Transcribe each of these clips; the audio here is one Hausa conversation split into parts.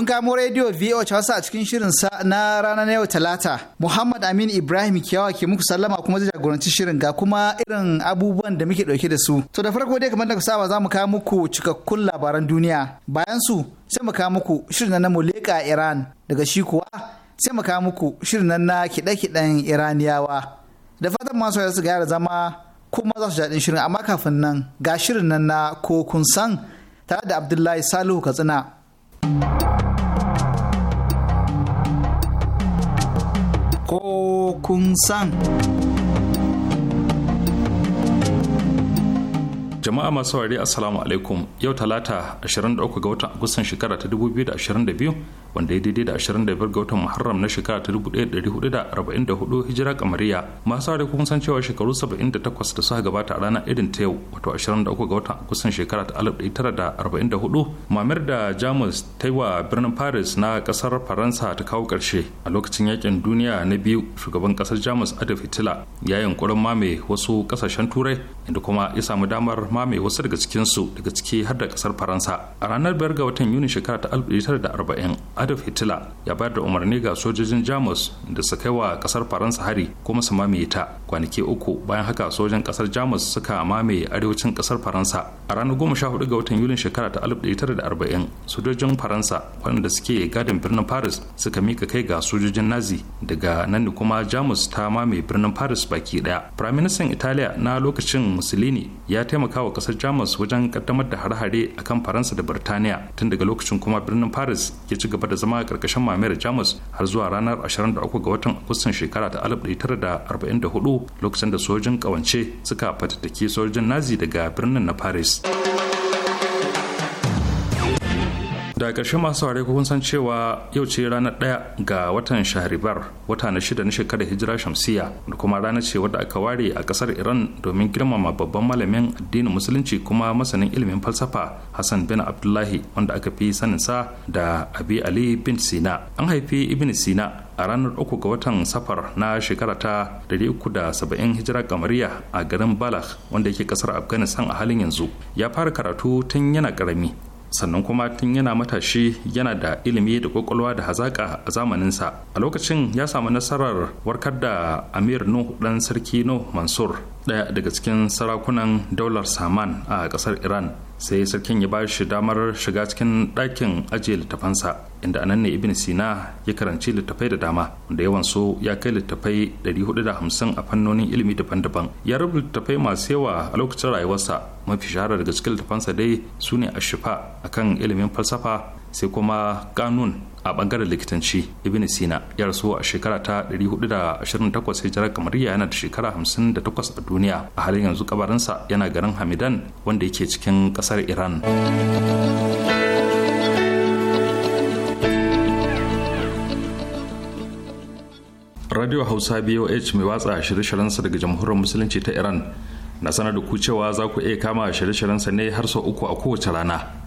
Kun kamo rediyo VOH Hausa a cikin shirin sa na ranar yau Talata. Muhammad Amin Ibrahim Kiyawa ke muku sallama kuma zai jagoranci shirin ga kuma irin abubuwan da muke dauke da su. To da farko dai kamar da ku saba za mu kawo muku cikakkun labaran duniya. Bayan su sai mu kawo muku shirin na Muleka Iran daga shi kuwa sai mu kawo muku shirin na kiɗe-kiɗen Iraniyawa. Da fatan masu su gyara zama kuma za su jaɗin shirin amma kafin nan ga shirin nan na ko kun san tare da Abdullahi Salihu Katsina. ko kun san. Jama'a masu ware Assalamu alaikum yau talata 23 ga watan Agustan shekara ta 2022 wanda ya daidai da 25 ga watan Muharram na shekara ta 1444 hijira kamariya masu da kuma san cewa shekaru 78 da suka gabata a ranar irin ta yau wato 23 ga watan kusan shekara ta 1944 mamir da Jamus ta yi wa birnin Paris na kasar Faransa ta kawo karshe a lokacin yakin duniya na biyu shugaban kasar Jamus Adolf Hitler ya yankurin mame wasu kasashen turai inda kuma ya samu damar mame wasu daga cikinsu daga ciki har da kasar Faransa a ranar 5 ga watan Yuni shekara ta 1940 adolf hitler ya bayar da umarni ga sojojin jamus da su kai wa kasar faransa hari kuma su mamaye ta kwanaki uku bayan haka sojan kasar jamus suka mamaye arewacin kasar faransa a ranar goma sha hudu ga watan yulin shekara ta 1940 sojojin faransa waɗanda suke gadin birnin paris suka mika kai ga sojojin nazi daga nan ne kuma jamus ta mamaye birnin paris baki daya firaministan italiya na lokacin musulini ya taimaka wa kasar jamus wajen kaddamar da hare-hare akan faransa da birtaniya tun daga lokacin kuma birnin paris ya ci gaba da zama a karkashin mamayar jamus har zuwa ranar 23 ga watan agustan shekara ta 1944 lokacin da sojin kawance suka fatattaki sojin nazi daga birnin na paris da ƙarshe masu ware kun san cewa yau ce ranar ɗaya ga watan shahribar wata na shida na shekarar hijira shamsiya da kuma ranar ce wadda aka ware a ƙasar iran domin girmama babban malamin addinin musulunci kuma masanin ilimin falsafa hassan bin abdullahi wanda aka fi saninsa da abi ali bin sina an haifi ibn sina a ranar uku ga watan safar na shekara ta 370 hijira kamariya a garin balakh wanda yake kasar afghanistan a halin yanzu ya fara karatu tun yana karami sannan kuma tun yana matashi yana da ilimi da kwakwalwa da hazaƙa a zamaninsa a lokacin ya samu nasarar warkar da amir nuh dan sarki nuh mansur daya daga cikin sarakunan daular saman a ƙasar iran sai sarkin ya ba shi damar shiga cikin ɗakin ajiye littafansa inda anan ne ibn sina ya karanci littafai da dama wanda yawan so ya kai littafai 450 a fannonin ilimi daban-daban ya rubuta littafai masu yawa a lokacin rayuwarsa mafi shahara daga cikin littafansa dai su ne ashifa akan ilimin falsafa sai kuma kanun a bangaren likitanci ibn sina ya rasu a shekara ta 428 hijirar kamariya yana da shekara 58 a duniya a halin yanzu kabarinsa yana garin hamidan wanda yake cikin kasar iran radio hausa boh mai watsa shirye-shiryensa daga jamhuriyar musulunci ta iran na sanar da ku cewa za ku iya kama shirye-shiryensa ne har sau uku a kowace rana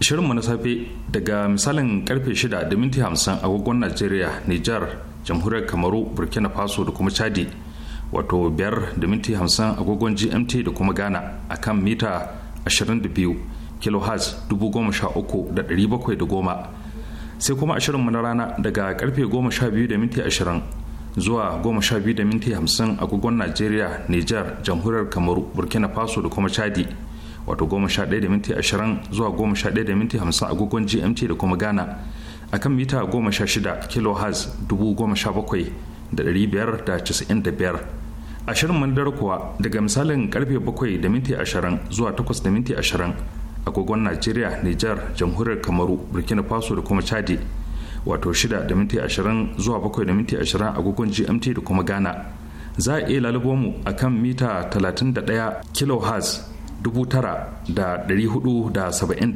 shirinmu na safe daga misalin karfe 6 da minti 50 agogon najeriya nijar jamhuriyar kamaru burkina faso da kuma chadi wato 5 da minti 50 agogon gmt da kuma ghana a kan mita 22 kHz 13710 sai kuma ashirinmu na rana daga karfe 12 da minti 20 zuwa 12 da minti 50 agogon najeriya nijar jamhuriyar kamaru burkina faso da kuma chadi wato ɗaya da minti ashirin zuwa ɗaya da minti hamsin agogon gmt da kuma ghana a kan mita 16 kilohertz 17,595 shirin mandar kuwa daga misalin karfe bakwai da minti ashirin zuwa takwas da minti ashirin agogon nigeria niger jamhuriyar kamaru burkina faso da kuma chadi wato shida da minti ashirin zuwa bakwai da minti ashirin agogon gmt da kuma ghana za a iya lalubo mu a kan mita 31 kilohertz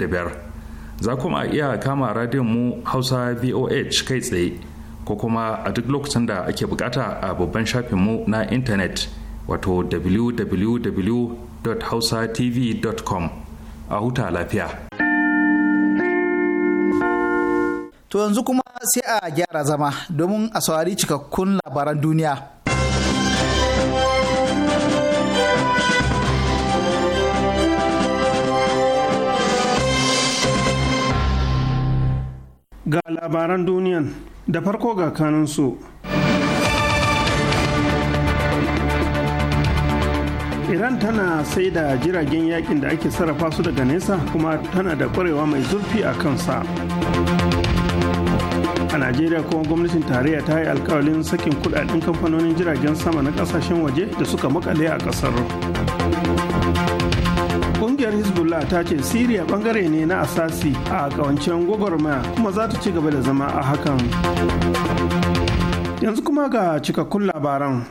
biyar za kuma iya kama radiyon mu hausa voh kai tsaye ko kuma a duk lokacin da ake bukata a babban mu na intanet wato www.hausatv.com a huta lafiya to yanzu kuma sai a gyara zama domin a saurari cikakkun labaran duniya labaran duniyan da farko ga su. Iran tana sai da jiragen yakin da ake sarrafa su daga nesa kuma tana da kwarewa mai zurfi a kansa. A Najeriya kuma gwamnatin tarayya ta yi alkawalin sakin kudaden kamfanonin jiragen sama na kasashen waje da suka makale a kasar. kungiyar hezbollah ta ce siriya bangare ne na asasi a kawancen gwagwarmaya kuma za ta ci gaba da zama a hakan yanzu kuma ga cikakkun labaran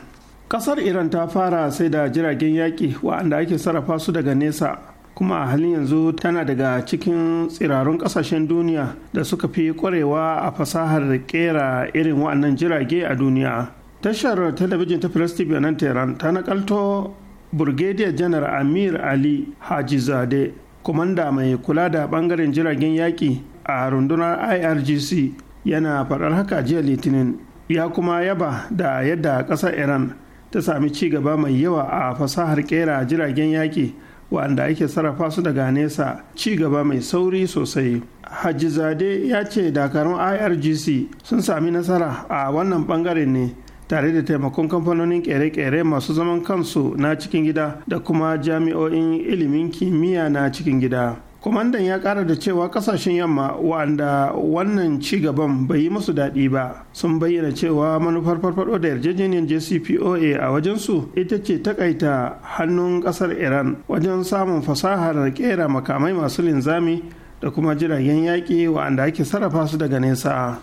kasar iran ta fara sai da jiragen yaƙi waɗanda ake sarrafa su daga nesa kuma a halin yanzu tana daga cikin tsirarun ƙasashen duniya da suka fi kwarewa a fasahar ƙera irin waɗannan jirage a duniya tashar talabijin ta filastin nan tehran ta nakalto Brigadier janar amir ali hajizade kwamanda mai kula da bangaren jiragen yaƙi a rundunar irgc yana faɗar haka jiya litinin ya kuma yaba da yadda ƙasar iran ta sami ci gaba mai yawa a fasahar ƙera jiragen yaƙi wanda ake sarrafa su daga nesa ci gaba mai sauri sosai hajizade ya ce dakarun irgc sun sami nasara a wannan bangaren ne tare da taimakon kamfanonin kere-kere masu zaman kansu na cikin gida da kuma jami'o'in ilimin kimiyya na cikin gida kwamandan ya ƙara da cewa ƙasashen yamma wa'anda wannan ci gaban bai yi musu daɗi ba sun bayyana cewa manufar farfaɗo da yarjejeniyar jcpoa a wajensu ita ce takaita hannun ƙasar iran wajen samun fasahar kera makamai masu linzami da kuma jiragen yaƙi wa'anda ake sarrafa su daga nesa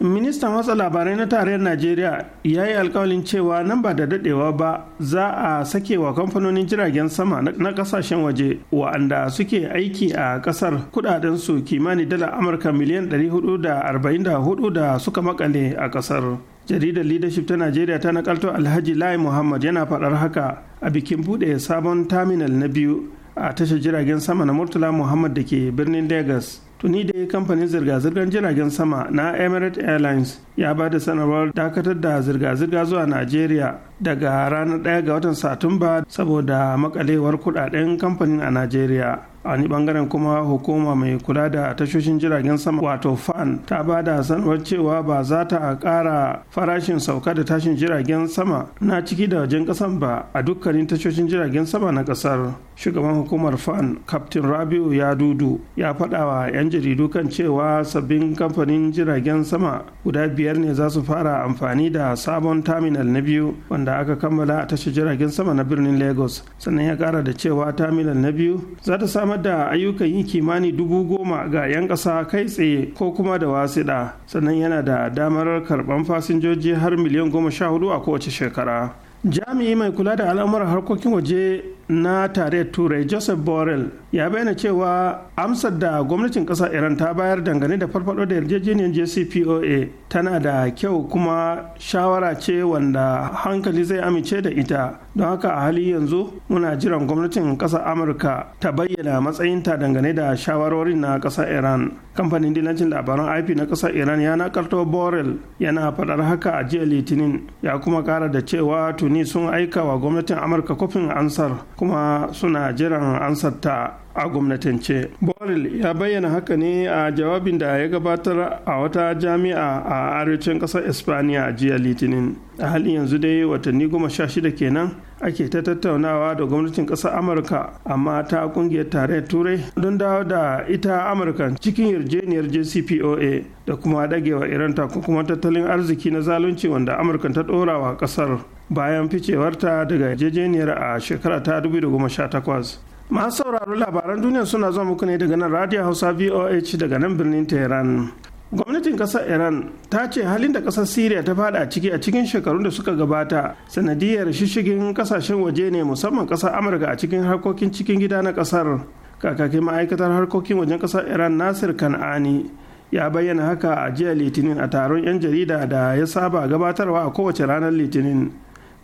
ministan watsa labarai na tarayyar najeriya ya yi alkawalin cewa nan ba da dadewa ba za a sake wa kamfanonin jiragen sama na kasashen waje wa'anda suke aiki a kasar kudaden su kimanin dala amurka miliyan 444 da suka makale a kasar jaridar leadership ta najeriya ta nakalto alhaji lai muhammad yana faɗar haka a bikin buɗe sabon terminal na biyu a tashar jiragen sama na murtala muhammad da ke birnin lagos tuni da kamfanin zirga-zirgar jiragen sama na emirates airlines ya ba da sanarwar dakatar da zirga-zirga zuwa nigeria daga ranar 1 ga watan satumba saboda makalewar kudaden kamfanin a nigeria. a ni bangaren kuma hukuma mai kula da tashoshin jiragen sama wato fan ta ba da sanarwar cewa ba za ta kara farashin sauka da tashin jiragen sama na ciki da wajen kasan ba a dukkanin tashoshin jiragen sama na kasar shugaban hukumar fan captain rabiu ya dudu ya faɗa 'yan jaridu kan cewa sabbin kamfanin jiragen sama guda biyar ne za su fara amfani da sabon terminal na biyu wanda aka kammala a tashar jiragen sama na birnin lagos sannan ya kara da cewa terminal na biyu za ta samar samar da ayyukan yi kimani dubu goma ga 'yan ƙasa kai tsaye ko kuma da wasiɗa sannan yana da damar karɓar fasinjoji har miliyan goma sha hudu a kowace shekara jami'i mai kula da al'amuran harkokin waje na tarayyar turai joseph borrell ya bayyana cewa amsar da gwamnatin ƙasar iran ta bayar dangane da farfado da yarjejeniyar jcpoa tana da kyau kuma shawara ce wanda hankali zai amince da ita don haka a hali yanzu muna jiran gwamnatin ƙasa amurka ta bayyana matsayinta dangane da shawarorin na ƙasar iran kamfanin dilancin labaran ip na ƙasar iran ya nakarto borel yana faɗar haka a jiya litinin ya kuma ƙara da cewa tuni sun aika wa gwamnatin amurka kofin ansar kuma suna jiran ansar ta a gwamnatance borel ya bayyana haka ne a jawabin da ya gabatar a wata jami'a a arewacin ƙasar espaniya a jiya litinin a halin yanzu dai watanni goma sha shida kenan ake ta tattaunawa da gwamnatin ƙasar amurka amma ta kungiyar tarayyar turai don dawo da ita amurka cikin yarjeniyar jcpoa da kuma dagewa iran takunkuman tattalin arziki na zalunci wanda amurka ta ɗora wa ƙasar bayan ficewarta daga yarjejeniyar a shekara ta 2018 masu sauraro labaran duniya suna zuwa muku ne daga nan radio hausa voh daga nan birnin tehran gwamnatin kasar iran ta ce halin da kasar syria ta fada ciki a cikin shekarun da suka gabata sanadiyar shishigin kasashen waje ne musamman kasar amurka a cikin harkokin cikin gida na kasar kakakin ma'aikatar harkokin wajen kasar iran nasir kan'ani ya bayyana haka a jiya litinin a taron 'yan jarida da ya saba gabatarwa a kowace ranar litinin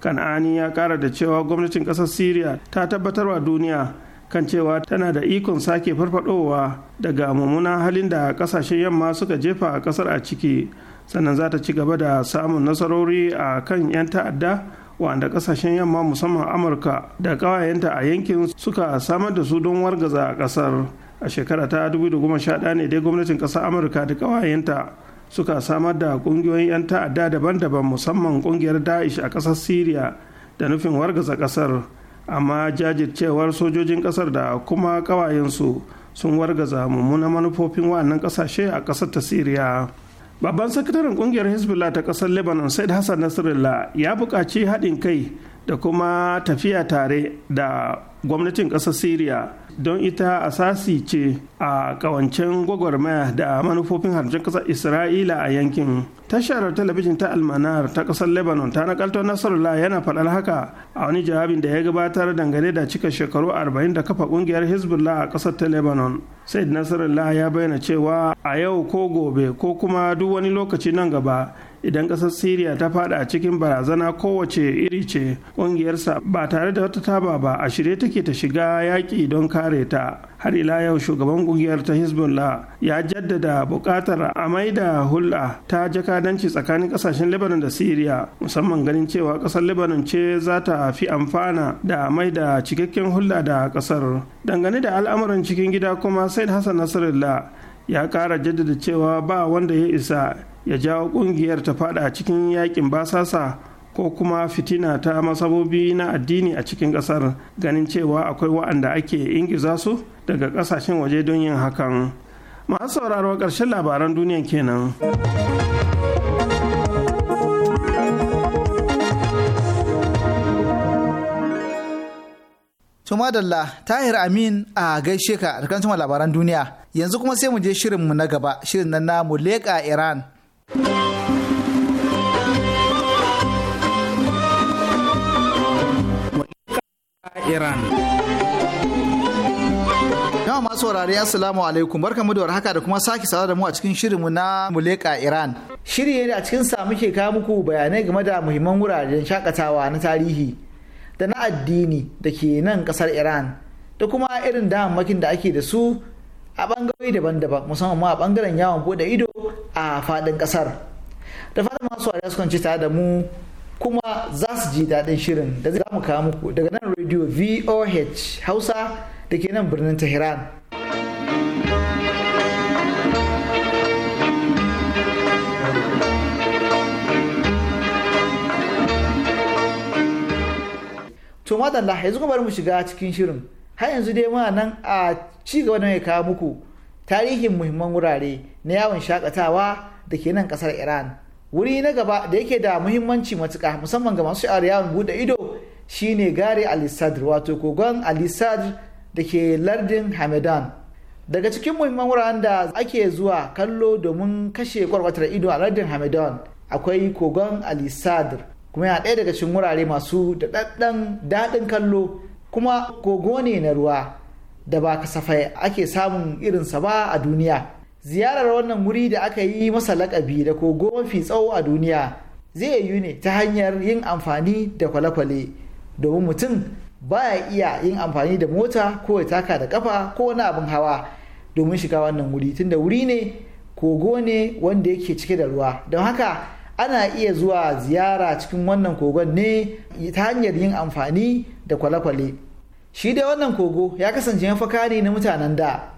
kan'ani ya kara da cewa gwamnatin kasar syria ta tabbatarwa duniya kan cewa tana da ikon sake farfadowa daga mummunan halin da kasashen yamma suka jefa a kasar a ciki sannan za ta ci gaba da samun nasarori a kan 'yan ta'adda wanda kasashen yamma musamman amurka da ƙawayenta a yankin suka samar da su don wargaza a kasar a shekara ta 2011 ne dai gwamnatin ƙasar amurka da kawayenta suka samar da ƙungiyoyin 'yan ta'adda daban-daban musamman ƙungiyar da'ish a kasar syria da nufin wargaza kasar. amma jajircewar sojojin kasar da kuma kawayensu sun wargaza mummunan manufofin wa'annan kasashe a kasar ta siriya babban sakataren kungiyar hezbollah ta kasar lebanon said hassan nasrallah ya buƙaci haɗin kai da kuma tafiya tare da gwamnatin ƙasar syria don ita asasi ce a ƙawancen gwagwarmaya da manufofin harjin ƙasar isra'ila a yankin tashar talabijin ta almanar ta ƙasar lebanon ta nakalto nasarullah yana faɗar haka a wani jawabin da ya gabatar dangane da cika shekaru 40 da kafa ƙungiyar hezbollah a ƙasar ta lebanon said nasarullah ya bayyana cewa a yau ko gobe ko kuma duk wani lokaci nan gaba idan ƙasar siriya ta fada a cikin barazana kowace iri ce ƙungiyarsa ba tare da wata taba ba a shirye take ta shiga yaƙi don kare ta har ila yau shugaban ƙungiyar ta hezbollah ya jaddada buƙatar a maida hulɗa ta jakadanci tsakanin ƙasashen lebanon da siriya musamman ganin cewa ƙasar lebanon ce za ta fi amfana da mai da cikakken hulɗa da ƙasar. dangane da al'amuran cikin gida kuma said hassan nasarallah ya ƙara jaddada cewa ba wanda ya isa ya jawo kungiyar ta fada cikin yakin basasa ko kuma fitina ta masabobi na addini a cikin kasar ganin cewa akwai wa'anda ake ingiza su daga kasashen waje don yin hakan masu sauraro ƙarshen labaran duniya kenan tumadalla Tahir Amin a gaishe ka da kan labaran duniya yanzu kuma sai mu je shirin mu na gaba shirin na namu leƙa Iran Iran. Yawan masu wurare Assalamu alaikum barkamu da haka da kuma sake sawa da mu a cikin shirinmu na Muleka Iran. Shiri ne a cikin sa muke kawo muku bayanai game da muhimman wuraren shakatawa na tarihi da na addini da ke nan kasar Iran da kuma irin damammakin da ake da su a bangarori daban-daban musamman ma a bangaren yawon bude ido a fadin kasar da fatan masu wariya su kwanci tare da mu kuma za su ji daɗin shirin da za mu kawo muku daga nan radio voh hausa da ke nan birnin tehran to madalla yanzu kuma bari mu shiga cikin shirin har yanzu dai muna nan a ci gaba da mai kawo muku tarihin muhimman wurare na yawon shakatawa da ke nan kasar iran wuri na gaba da yake da muhimmanci matuka musamman ga masu sha'ar yawon bude ido shine gare alisadr wato kogon alisadr da ke lardin hamadan daga cikin muhimman wuraren da ake zuwa kallo domin kashe kwarkwatar ido a lardin hamadan akwai kogon alisadr kuma yana daya daga cikin wurare masu daɗaɗɗen daɗin kallo kuma kogo ne na ruwa da ba kasafai ake samun irinsa ba a duniya ziyarar wannan wuri da aka yi masa lakabi da kogo mafi tsawo a duniya zai yiwu ne ta hanyar yin amfani da kwale-kwale domin mutum baya iya yin amfani da mota ko ya taka da kafa ko wani abin hawa domin shiga wannan wuri tunda wuri ne kogo ne wanda yake cike da ruwa don haka ana iya zuwa ziyara cikin wannan kogon ne ta hanyar yin amfani da kwale-kwale shi dai wannan kogo ya kasance mafaka ne na mutanen da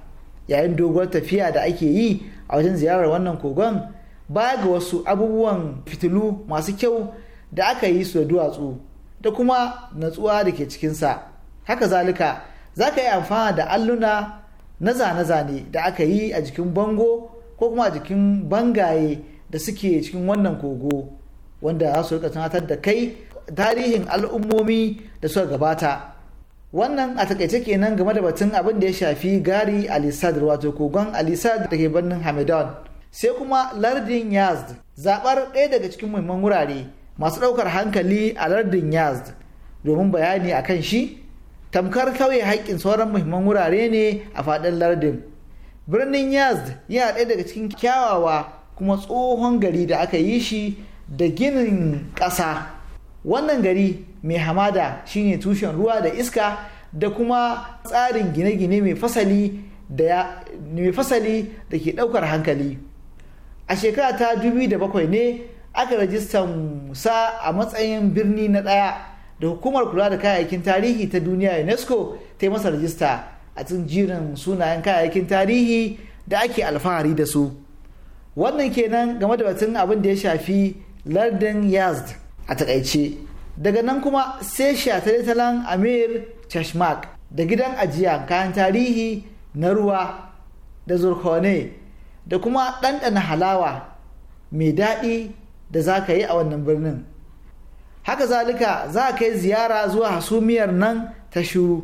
yayin doguwar tafiya da ake yi a wajen ziyarar wannan kogon ba ga wasu abubuwan fitilu masu kyau da aka yi su da duwatsu da kuma natsuwa da ke cikinsa haka zalika za ka yi amfana da alluna na zane-zane da aka yi a jikin bango ko kuma a jikin bangaye da suke cikin wannan kogo wanda za su rika tunatar da kai tarihin al'ummomi da suka gabata wannan a takaice kenan game da batun abin da ya shafi gari alisad wato kogon alisad da ke birnin hamadan sai kuma lardin yazd zabar ɗaya daga cikin muhimman wurare masu ɗaukar hankali a lardin yazd domin bayani a kan shi tamkar kauye haƙƙin sauran muhimman wurare ne a faɗin lardin birnin yazd yana ɗaya daga cikin kyawawa kuma tsohon gari da aka yi shi da ginin ƙasa wannan gari mai hamada shine tushen ruwa da iska da kuma tsarin gine-gine mai fasali da ke ɗaukar hankali a shekara ta 2007 ne aka rajista musa a matsayin birni na ɗaya da hukumar kula da kayayyakin tarihi ta duniya unesco ta yi masa rajista a cikin jirin sunayen kayayyakin tarihi da ake alfahari da su wannan kenan game da batun abin da ya shafi lardin yazd a takaice daga nan kuma sai shataletalen amir chashmak da gidan ajiya kayan tarihi na ruwa da zurkone da kuma ɗanɗana halawa mai daɗi da za ka yi a wannan birnin haka zalika za a kai ziyara zuwa hasumiyar nan ta shuru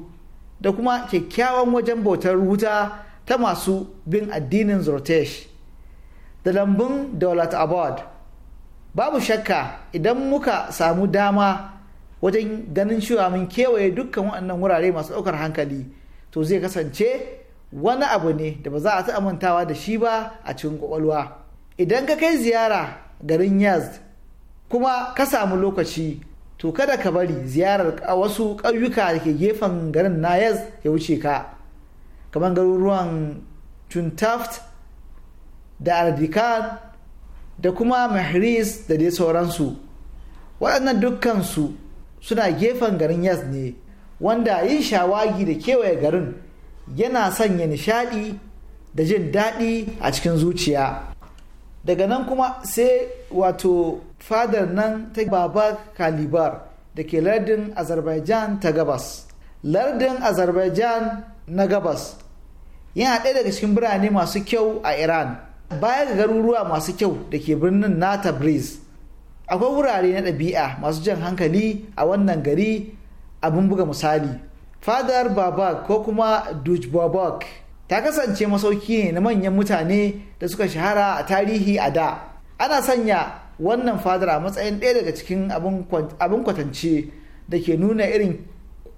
da kuma kyakkyawan wajen bautar wuta ta masu bin addinin zortesh da lambun dolat abad babu shakka idan muka samu dama wajen ganin cewa mun kewaye dukkan waɗannan wurare masu ɗaukar hankali to zai kasance wani abu ne da ba za a ta amintawa da shi ba a cikin ƙwaƙwalwa. idan ka kai ziyara garin yaz kuma ka samu lokaci to kada ka bari ziyarar wasu ƙauyuka da ke gefen garin na yaz ya wuce ka kamar garuruwan tuntaft da ardikan da kuma mahris da dai sauransu waɗannan dukkansu suna gefen garin yas ne wanda yin shawagi da kewaye garin yana sanya nishaɗi da jin daɗi a cikin zuciya daga nan kuma sai wato fadar nan ta baba kalibar da ke lardin azerbaijan ta gabas lardin azerbaijan na gabas yana ɗaya daga cikin birane masu kyau a iran baya ga garuruwa masu kyau da ke birnin na tabriz akwai wurare na ɗabi'a masu jan hankali a wannan gari abin buga misali fadar babak ko kuma duj babak ta kasance masauki ne na manyan mutane da suka shahara a tarihi a da ana sanya wannan fadar a matsayin ɗaya daga cikin abin kwatance da ke nuna irin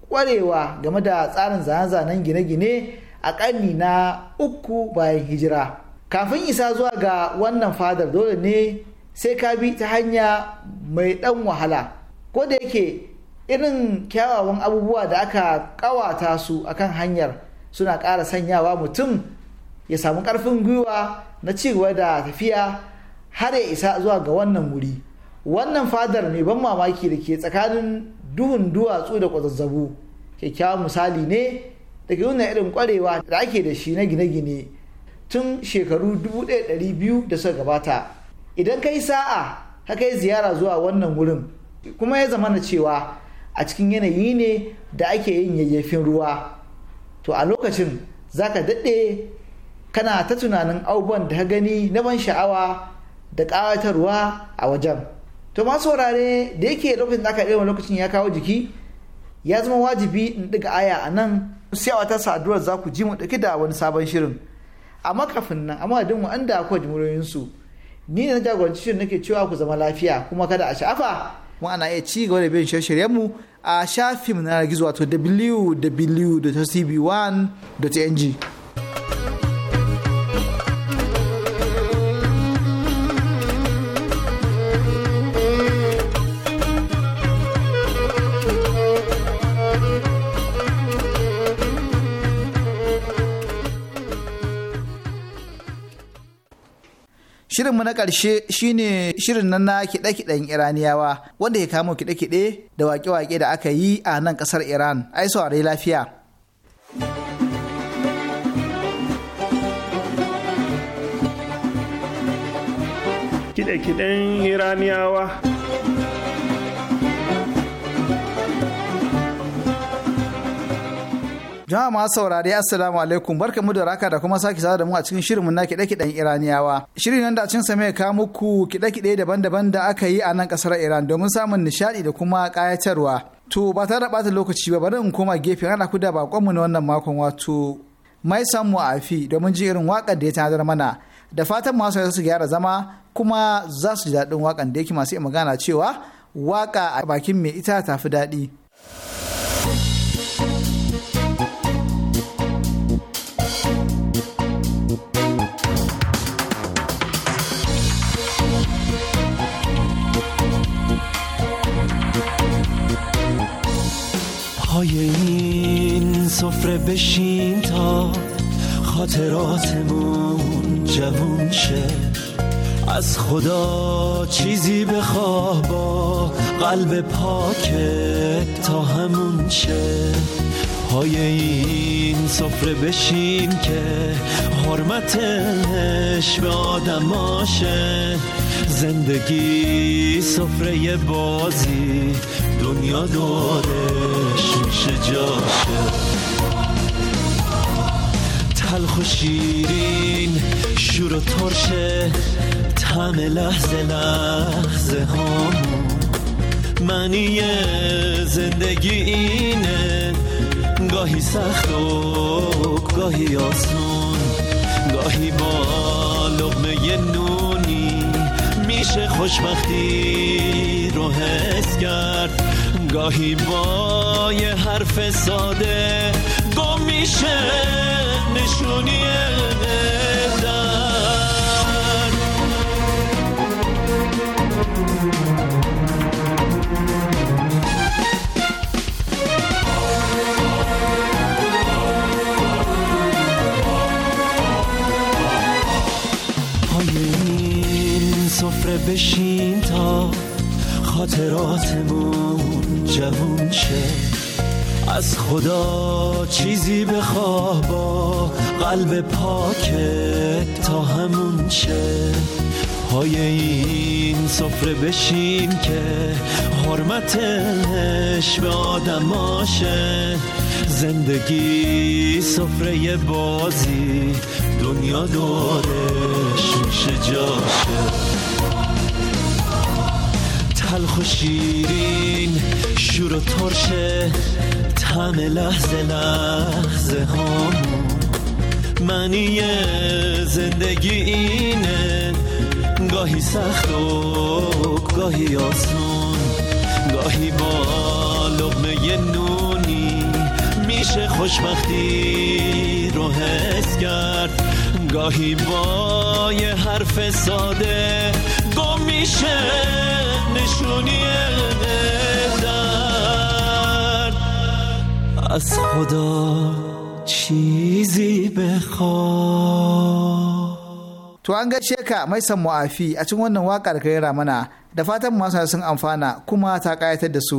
kwarewa game da tsarin zane-zanen gine-gine a ƙarni na uku bayan hijira kafin isa zuwa ga wannan fadar dole ne sai ka bi ta hanya mai ɗan wahala ko da yake irin kyawawan abubuwa da aka ƙawata su akan hanyar suna ƙara sanyawa mutum ya samu ƙarfin gwiwa na cigaba da tafiya har ya isa zuwa ga wannan wuri wannan fadar mai ban mamaki da ke tsakanin duhun duwatsu da kwazazzabu kyakkyawan misali ne daga nuna irin kwarewa da ake da shi na gine-gine tun shekaru 1200 da suka gabata idan ka sa'a ka kai ziyara zuwa wannan wurin kuma ya zamana cewa a cikin yanayi ne da ake yin yayyafin ruwa to a lokacin za ka daɗe kana ta tunanin abubuwan da ka gani na ban sha'awa da ƙawatarwa a wajen to masu wurare da yake lokacin da aka ɗaya lokacin ya kawo jiki ya zama wajibi in ɗiga aya a nan sai a wata saduwar za ku ji mu ɗauki da wani sabon shirin A kafin nan amma da mu an da akwai su ni ne na jagoranci shirin nake cewa ku zama lafiya kuma kada a sha'afa kuma ana iya ci gaba da bin shirye-shiryenmu a shafin na gizo wato wwwtcb 1ng Shirinmu na ƙarshe shine shirin nan na kiɗe-kiɗen Iraniyawa wanda ya kamo kiɗe-kiɗe da waƙe-waƙe da aka yi a nan ƙasar Iran. Ai saurari lafiya. Kiɗe-kiɗen Iraniyawa. Jama'a masu saurari assalamu alaikum barka mu da raka da kuma sake sada da mu a cikin shirinmu na kiɗe-kiɗen Iraniyawa. Shirin nan da cin sa mai ka muku kiɗe-kiɗe daban-daban da aka yi a nan ƙasar Iran domin samun nishaɗi da kuma kayatarwa. To ba tare da ɓata lokaci ba bari in koma gefe ana ku da baƙonmu na wannan makon wato mai san mu afi domin ji irin waƙar da ya tanadar mana. Da fatan masu su gyara zama kuma za su ji daɗin waƙan da yake masu magana cewa waƙa a bakin mai ita tafi daɗi. این سفره بشین تا خاطراتمون جوون شه از خدا چیزی بخواه با قلب پاک تا همون شه های این سفره بشین که حرمتش به شه. زندگی سفره بازی دنیا دورش میشه جاشه تلخ و شیرین شور و ترشه تم لحظه لحظه ها منی زندگی اینه گاهی سخت و گاهی آسون گاهی با لغمه نونی میشه خوشبختی رو حس کرد گاهی با یه حرف ساده گم میشه نشونی سفره بشین تا خاطراتمون جوون شه از خدا چیزی بخواه با قلب پاک تا همون شه پای این سفره بشین که حرمتش به آدماشه زندگی سفره بازی دنیا دورش میشه جاشه تلخ و شیرین شور و ترشه تم لحظه لحظه ها معنی زندگی اینه گاهی سخت و گاهی آسان گاهی با لغمه نونی میشه خوشبختی رو حس کرد گاهی با یه حرف ساده گم میشه نشونی دن از خدا چیزی To an gaishe ka mai mu'afi a cikin wannan waƙar ka mana da fatan masu sun amfana kuma ta ƙayatar da su.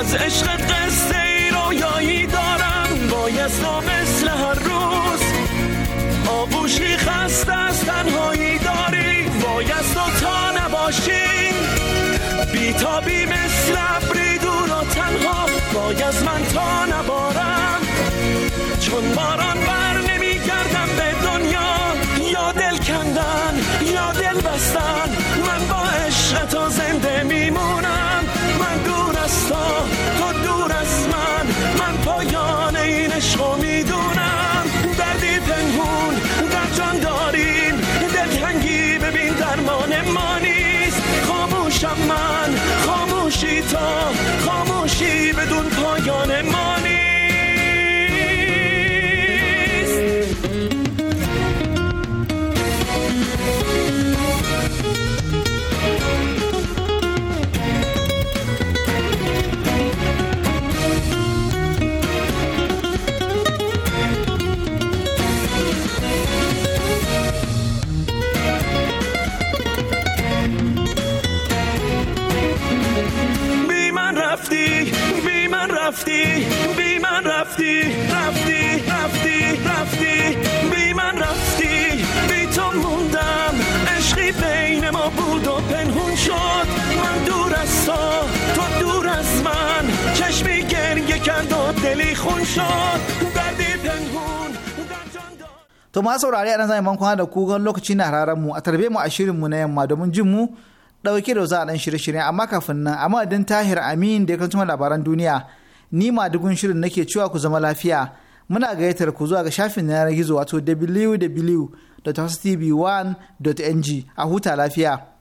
از عشق قصه ای رویایی دارم بایست و مثل هر روز آبوشی خسته از تنهایی داری بایست و تا نباشی بیتابی مثل ابری دور و تنها بایست من تا نبارم چون باران بر نمیگردم به دنیا یا دل کندن یا دل بستن ma saurari a nan zai man da ku gan lokaci na hararen mu a tarbe mu a shirin mu na yamma domin jin mu dauke da za a dan shirye-shirye amma kafin nan amma din Tahir Amin da ya kantuma labaran duniya ni ma dugun shirin nake cewa ku zama lafiya muna gayyatar ku zuwa ga shafin yanar gizo wato www.hostv1.ng a huta lafiya.